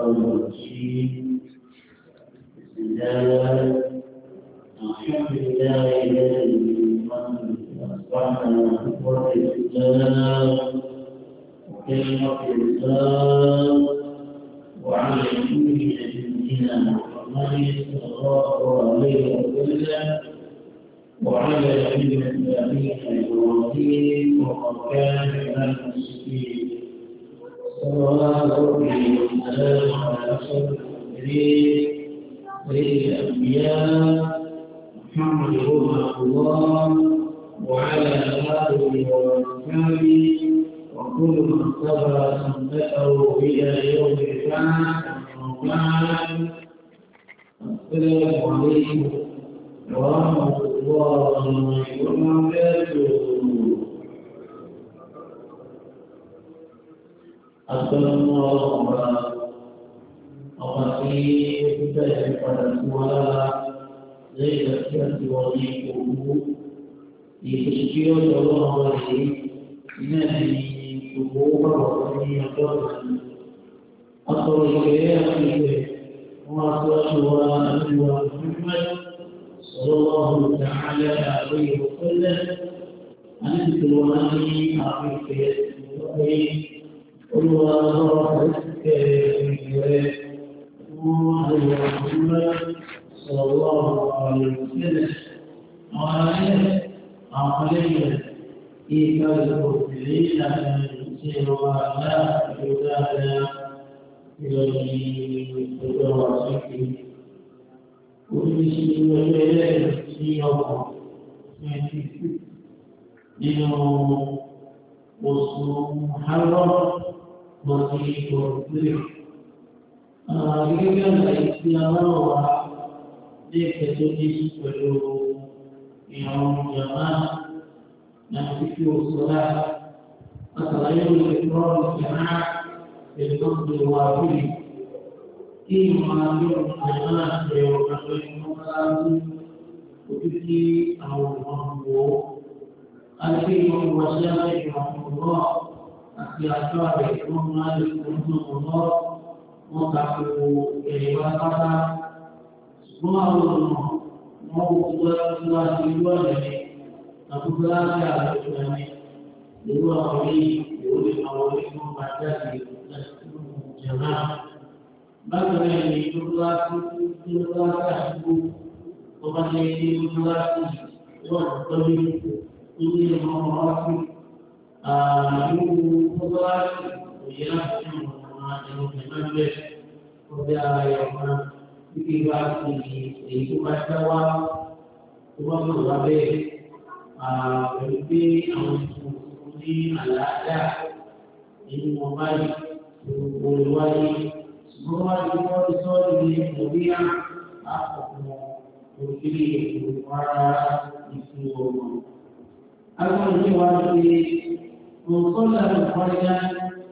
الشيطان الرجيم بسم الله الحمد لله الذي أصبحنا بقوة الإسلام وكلمة الإسلام وعلى كل محمد صلى الله عليه وسلم وعلى كلمة أبينا إبراهيم وقد كان من المسلمين صلى الله عليه وسلم والسلام على أشرف المرسلين سيد الأنبياء محمد رسول الله وعلى آله وأصحابه وكل من اتبع سنته إلى يوم البعث وبعد السلام عليكم ورحمة الله وبركاته أسلم الله wani kuka da ya farantuwa zai gaskiya da wani kogo da ya shi da ruwan wani ina da kogo ba wani ya gwamnati أخرج إليها في البيت محمد صلى الله تعالى عليه وسلم أن أنزل وأني أعرف يسوعي قل وأنا أعرف يسوعي عبده ورسوله صلى الله عليه وسلم وعليه عقلية إيكال الكفرين أن يسير وعلا يدانا إلى الدواسك ويسير إليه في يوم nínú oṣù Muharram lọ sí oṣù Tìrì gẹ́gẹ́ bí ọ̀nà ìsinmi aláwọ̀ wa ní ìfẹ̀tọ́ ní sí pẹ̀lú ìrọ̀rùn ìjọba náà ti fi òṣù rà látàlá yóò lè fi wọ́n ṣe rà pẹ̀lú tó ti lè wà lórí. Kí ni wọ́n máa ní ọ̀nà ìjọba náà ṣe ọ̀rọ̀ àjọ ìmọ̀ aláwọ̀ ojú sí àwọn olùmọ̀ Ajé ìmọ̀-ìwọ̀sí aláìsàn ọ̀gbọ̀n àti àjọ àrẹ̀ ìfowópamọ́ náà lè fi ọ̀nà ọ̀gbọ̀n náà. wọ́n ta ko èrè pátápátá ṣùgbọ́n àwọn ọ̀nà wọn kò tó láti wá sí irú ọ̀rẹ́ mi àkókò láti àlejò ẹni irú àwọn yìí yóò lè àwọn onímọ̀ bá jáde lẹ́sìn jẹ̀má. bákan náà ni ìjọba láti ìjọba láti àdúgbò tó bá jẹ́ ilé ìjọba láti yóò tọ́jú ilé ìmọ̀ ọ̀rọ̀ sí àwọn ìjọba láti òye láti ṣe ẹnu pẹ̀lú ẹ̀ ó bí ara ẹ̀ ọ̀kan títí bá ti èyí tó bá ṣẹ́ wá tó bá mọ̀ wá bẹ́ẹ̀ pẹ̀lú pé àwọn ìṣòro ní àlàáfíà nínú wọn báyìí gbogbo ìwáyé ṣùgbọ́n wá ju wọ́n ti sọ ọ̀sán làwọn ìwáyé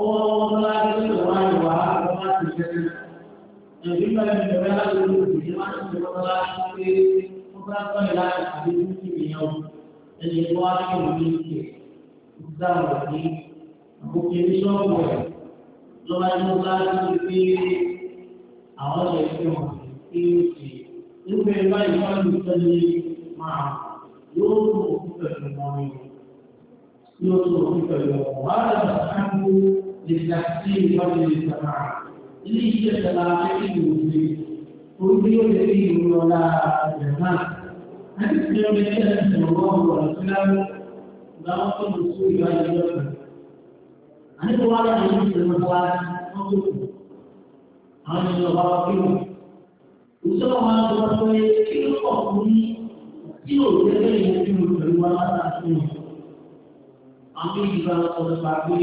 ọwọ́ ọmọ láti ṣe wá ìwà àwọn láti ṣe ṣe. Ẹ̀rí mẹ́rin ìjọba láti ṣe òṣèlú láti ṣe ọmọ láti ṣe ó bá tọ́ ìlà àti títí ìyẹn ẹni tó wá ní ìwé ìṣe ìgbà wà ní àbókè ní ṣọ́ọ̀bù ẹ̀ lọ́wọ́ ní ọba ti ṣe pé àwọn ọ̀rẹ́ fi hàn sí ìṣe. Nígbà ìwà ìwà ìṣẹ́ni máa yóò mú òkú pẹ̀lú wọn nínú. يطرق في اليوم هذا الحمد للتحسين وللسماع ليش السماع في المسلم كل يوم ولا جماعة هذه اليوم يجب أن الله والإسلام لا أصل بسوء إلى الجنة أنا أقول أن يجب أن أقول أن يجب Usaha mana tu pasal ni? Kita tak boleh. Kita tak boleh. Kita tak boleh. àwọn ìgbà ọ̀sọ̀rọ̀ pàgbé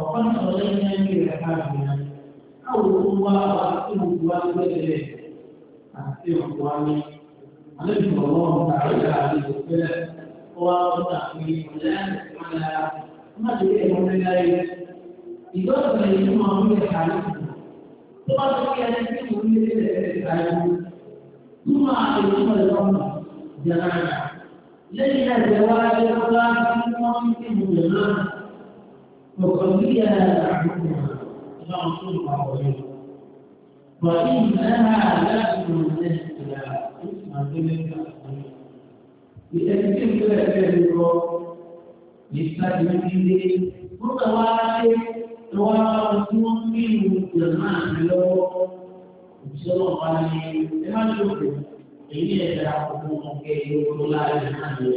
ọ̀pọ̀ náà lẹ́yìn náà ní rẹ̀ káàkiri náà káwọn òkú wá wá sí òkú wá sí bẹ́ẹ̀ àti òkú wá ní àlejò ọlọ́run tààrí àti òkúlẹ̀ ọwọ́ ọ̀sán àti ìmọ̀lẹ́ àti ìmọ̀lẹ́ má ti rí ẹ̀mọ́ nílá yẹ ìgbọ́dọ̀ ní ìlú máa ń rẹ̀ kárí tó bá tó kí ẹni tí mo ní ilé rẹ̀ kárí tó máa lè tó lọ́nà jẹ́ náà ليس جواز القاتل وممكنهما وقويها بعضهما الى رسول الله عليه وانها لازم من الاختلاف اسمع ذلك لتكفير ذلك للتكفير متواتر رواه مسلم منه جماعه له ان شاء الله عليه èyí lè fẹ́ àkókò ọ̀kẹ́ ìlú tó láàrin náà lé.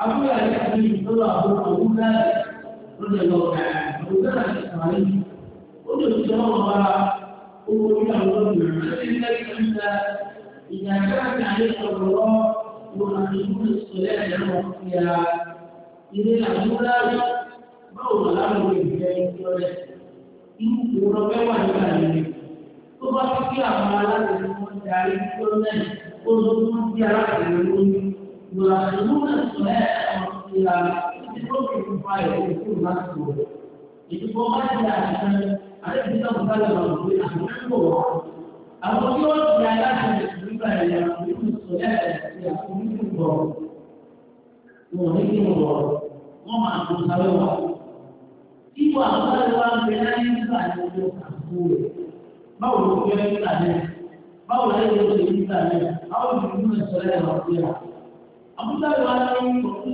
Abúlé àti àbí ìtọ́lọ̀ àbúrò ọdún láàrin ló lè lọ ọ̀gá ọdún láàrin ìsàlẹ̀. Ó lè fi ọmọ wa owó orí àwọn ọdún láti lẹ́yìn níta ìyá káàkiri àyè ọ̀rọ̀ wọn àti ìlú ìsọ̀lẹ̀ ẹ̀rọ ìyá ilé àbúrò láàrin báwo làwọn ìgbẹ́ ìjọ rẹ̀. Ìlú kò rọ mẹ́wàá nígbà yìí. عليه وسلم انظروا في رحمهم يراقبون السماء والقيامة يتوقفون فايهم كل مسؤول يتوقفون فايهم báwo la yóò ṣe yí sáré a ó yí fún ìṣẹlẹ ìwà sí ẹ àbúdá ìwà náà ń bọ sí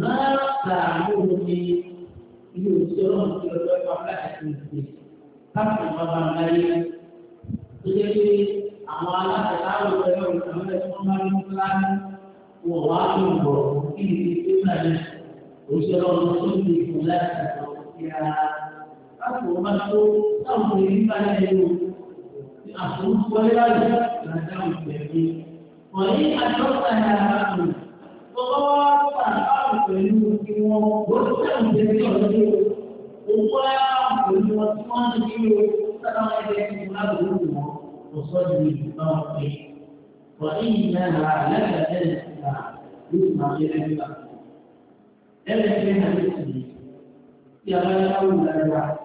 náà sàánú omi ilé òṣìṣẹ ọlọrun tí ọjọ ẹgbẹ afẹlẹ ti ń gbé káàkiri bàbá ń darí ó yẹ kí àwọn aláṣẹ láwùjọ ẹgbẹ òṣìṣẹ ọlọrun tí wọn bá ní kílá ní wọn wá tó ń bọ kí ni ti ṣe sáré òṣìṣẹ ọlọrun tó ń gbé ìfún láti ṣàtọ sí ara káàkiri bàbá tó sáwùjọ ìfúnpá الصمت والغالب نزام التأكيد وإن أشرتها أمن وغواصة أرض النور وسلم تبيه وقام بالوطن فيه سلام عليكم أبوه وصلي بطرفه وإنها لك تسمع يسمع إليك إلا فيها مثلي يا غير أول أنواع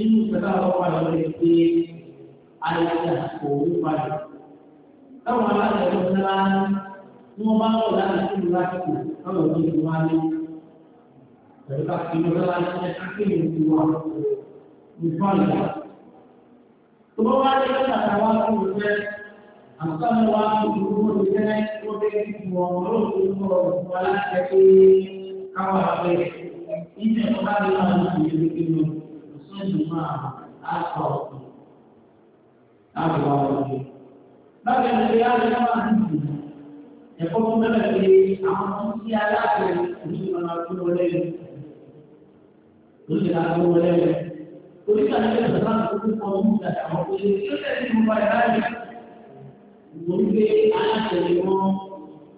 إن سبب الله عليك àìsàn òun padà. Táwọn aláṣẹ tó ń sára ní wọ́n bá ń lọ láti fún un lásìkò káwọn òbí ti wá ní. Pẹ̀lú ká fi lọ lọ́la ní ẹ̀ka kéwìn ti wà ní fọ́ọ̀lù. Tó bá wá dé lọ́sàtà wá fún un fẹ́, àtúntàmọ́ wá fún un kó lè jẹ́ kó lè fi wọ̀ lóòótọ́ ìmọ̀ òkú aláṣẹ pé káwọn àbẹ̀ ìjẹ̀ ọ̀gá mi máa ń lò ní ìlú kí ló ń sún ìdùnnú àwọn àṣọ ọ̀tún. hapo kwa wote. Baada ya kuelewa kama hivi ya kwa kuna kile amani ya lake ni kwa watu wale. Ndio na watu wale. Kulika na kile sana kuku kwa mtu na kwa kile yote ni mbaya hali. Mwenge anachelewa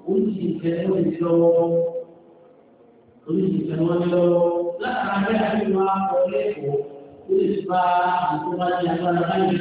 uji kwenye ndoo. Uji kwenye ndoo. Na kama ndio hapo leo ni sifa kwa ajili ya wanadamu.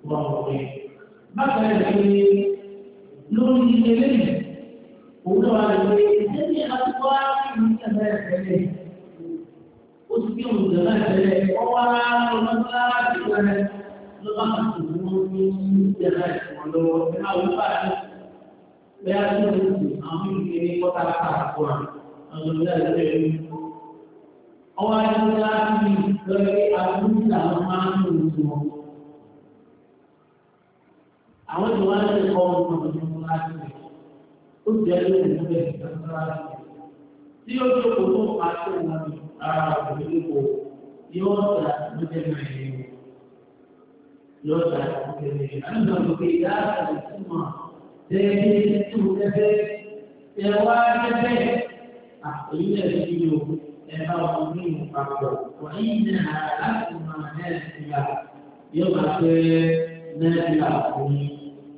Awal-awal ini, kerana aku tidak memahami semua awon ni wọn ti kọ ọmọ ọmọ ọmọ láti rẹ ó jẹ ẹni ní ẹgbẹ ìgbàgbọ láti rẹ tí ó tó kò tó pa tó wọn ni ara kò ní kò yóò ta ló jẹ náà yẹ wò yóò ta ló jẹ náà yẹ wò àwọn ìgbàgbọ pé ìyá àti ìtumọ dẹbi tó kẹfẹ ẹwà kẹfẹ àtòyí náà ti fi yọ ẹbá ọmọ mi ò papọ wọn yìí ní ara láti máa ní ẹsẹ ìyá yóò máa fẹ. Nẹ́ẹ̀dì àkùnrin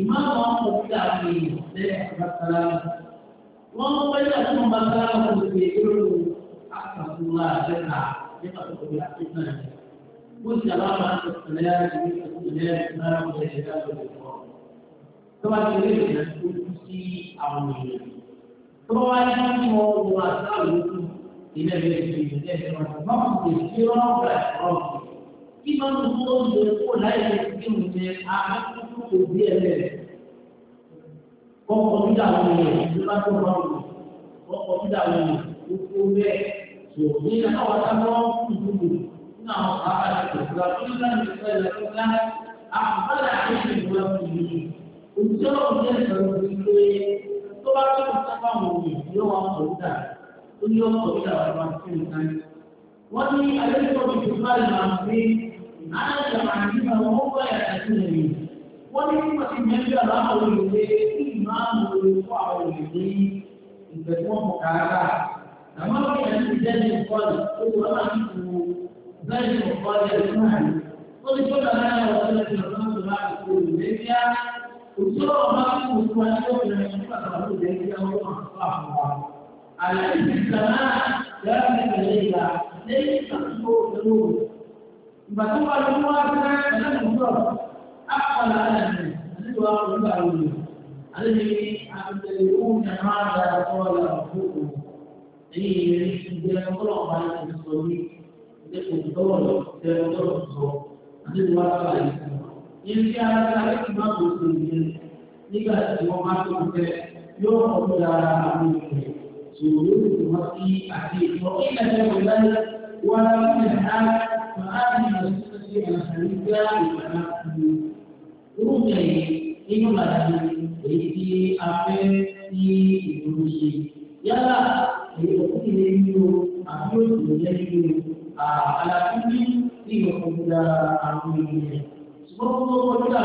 ìmáàmù ọkọ̀ òkúta àti ìṣẹ́ àbáṣáláàmù. Wọ́n mú pẹ́lú àti wọn báṣáláàmù tó ti èyí ló àkàtúwà àbẹ́ta nípa tó ti àti náà. Ó ti àbámà tó tẹ̀lé àti ìṣẹ̀lẹ̀ náà wọ ẹ̀ṣẹ̀ láti ọ̀dọ̀. Tó bá ti rí ìrìnà tó kú sí àwọn èèyàn. Tó bá wá ní kí wọ́n wọ àṣà òyìnbó ìlẹ̀ ìrẹsì ìrẹsì ọ̀dọ̀. Má kí máa ń tó ń lè kó láì lè fi hùn ní arákùnrin kò bí ẹ̀rẹ̀ kọ́kọ́ bí dàwọn èèyàn ló bá tó bá wù kọ́kọ́ bí dàwọn èèyàn ló kó bẹ́ẹ̀ tó ní àwọn táwọn kùn dùn ní àwọn bàbá àti ìgbà tó ní láti fẹ́ lọ sí ká àbúrò àti ìgbà tó ní òjò ọ̀gbẹ́ ìgbàlódé pé tó bá tó ń sábà wọ̀ yóò wá sọ̀rọ̀ dà ó ní ọ̀sọ̀ ìdàwọ̀ àwọn àti ìgbà wọ́n ní alẹ́ tó ń fi máa ń gbé هذا معناه هو يأتي ولكلمة النبي راح ويلي إمام ويقع ويلي البدوان مكعبة لما رأي أن الجاج القادر هو رأيه ذلك القادر المهن قد كل هذا وصلت الرحمن الله يقول ليبيا وصار ما يقول أنه من يشوفه ليبيا هو صاحبه على أن السماء ذلك الليلة ليس مخلوق نور Ìgbàtí wọ́n lọ wá sí ẹlẹ́gbùrọ̀, àpàlà àyàmì àti ìwà pẹ̀lú àwọn olùyọ̀. Àlejò ní àbẹ̀tẹ̀lẹ̀ òun ni àwọn àgbà ọ̀rọ̀ àkókò. Èyí ìrìn ìjẹ́ ọlọ́run bá ti sọ ní ilé òkútọ́wọ̀ lọ tẹ ọlọ́run sọ àti ìwà àpàlà ìsìn. Ilé tí a ń sáré ti máa kò sí ìyẹn nígbà tí wọ́n máa tó fẹ́ yóò kọ́ dára àwọn ìpè. Sòrò yóò tó wá sí àti ìtọ́ walau menyehat, maafi masyarakat yang sehingga kepada kamu. Guru cahaya, ini lagi, ini apa, ini ilusi. Yalah, ini ah, aku tidak ingin, aku tidak ingin, ala kini, ini aku tidak aku ingin. Sebab itu, aku tidak ingin,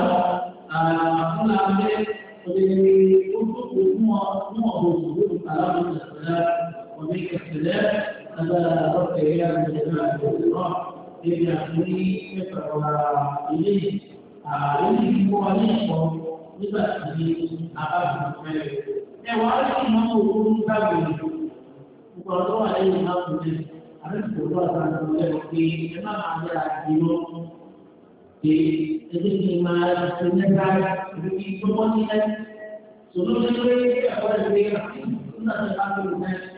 aku tidak ingin, untuk semua, semua bersyukur, alam tidak Sudah lama ini apa yang dia lakukan? Sudah lama ini.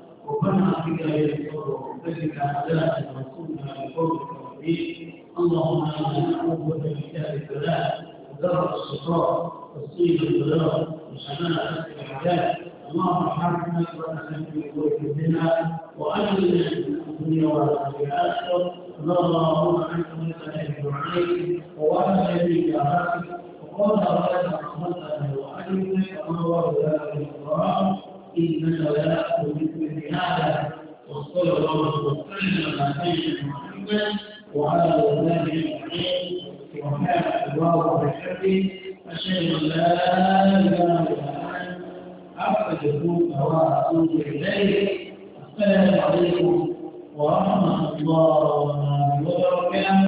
بك يذكر بك عذاب رسولنا بقولك ربي اللهم انا نعوذ بك البلاء ودرء الشقاء وسيل البلاء وشمال الحياه اللهم ارحمنا وارحمنا بوجودنا واجلنا الدنيا والاخره اللهم انت مستعين عليك وانا يديك عليك وقال ربنا رحمتنا واجلنا كما هو ذلك القران انك لا تؤمن بهذا وصلى الله وسلم على سيدنا محمد وعلى اله اجمعين سبحانك اللهم وبحمدك اشهد ان لا اله الا انت استغفرك واتوب اليك السلام عليكم ورحمه الله وبركاته